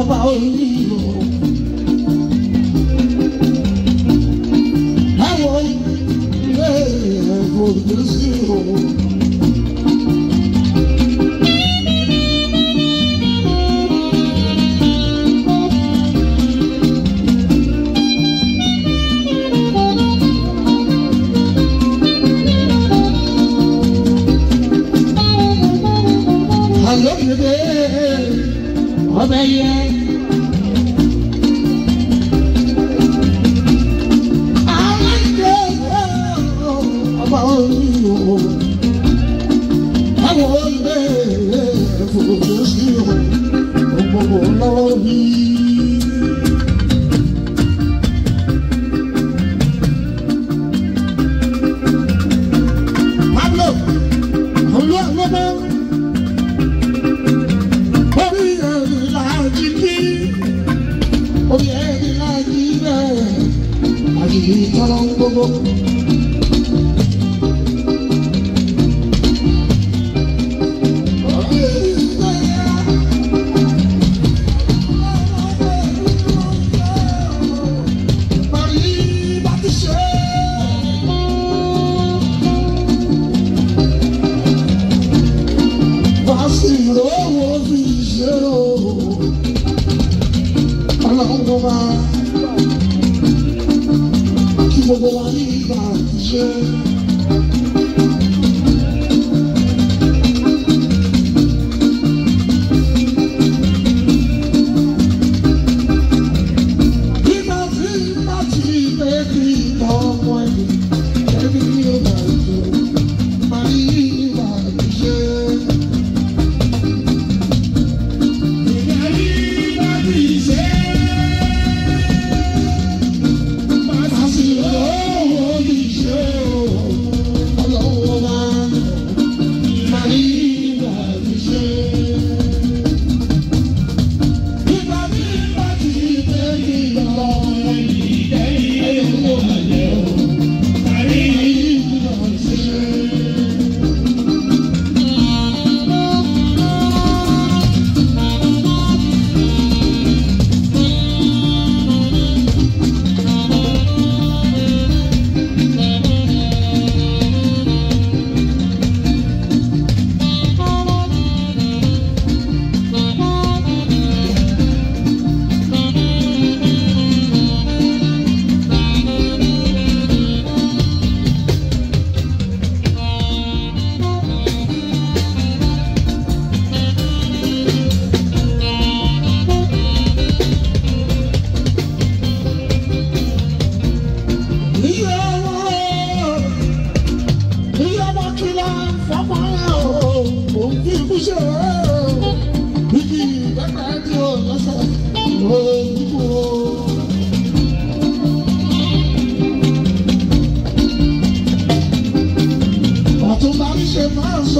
ọba oyin bẹ́ yẹ. àwọn ìdè ọba olùwò àwọn olè fòkòtò sí ọgbọgbọ lọ́wọ́ bíi. 我。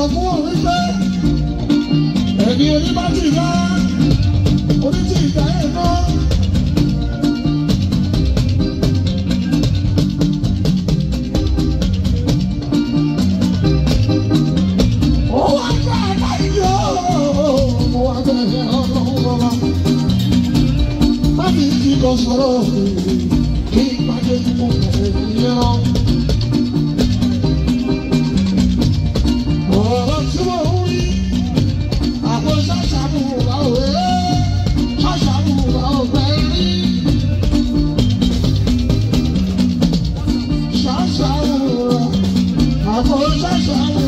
sọ fún wọn wípé ẹni orí bá ti dá orí ti dá ẹ̀ náà. Mami, digo solo, mi padre, mi mujer, mi I'm a